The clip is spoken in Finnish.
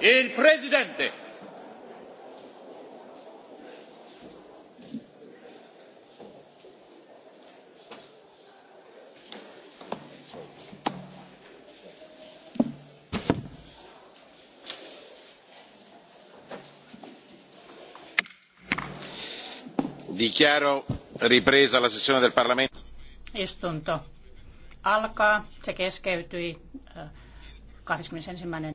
Il presidente. Dichiaro ripresa la sessione del Parlamento. Istunto alkaa. Se keskeytyi 21. Äh,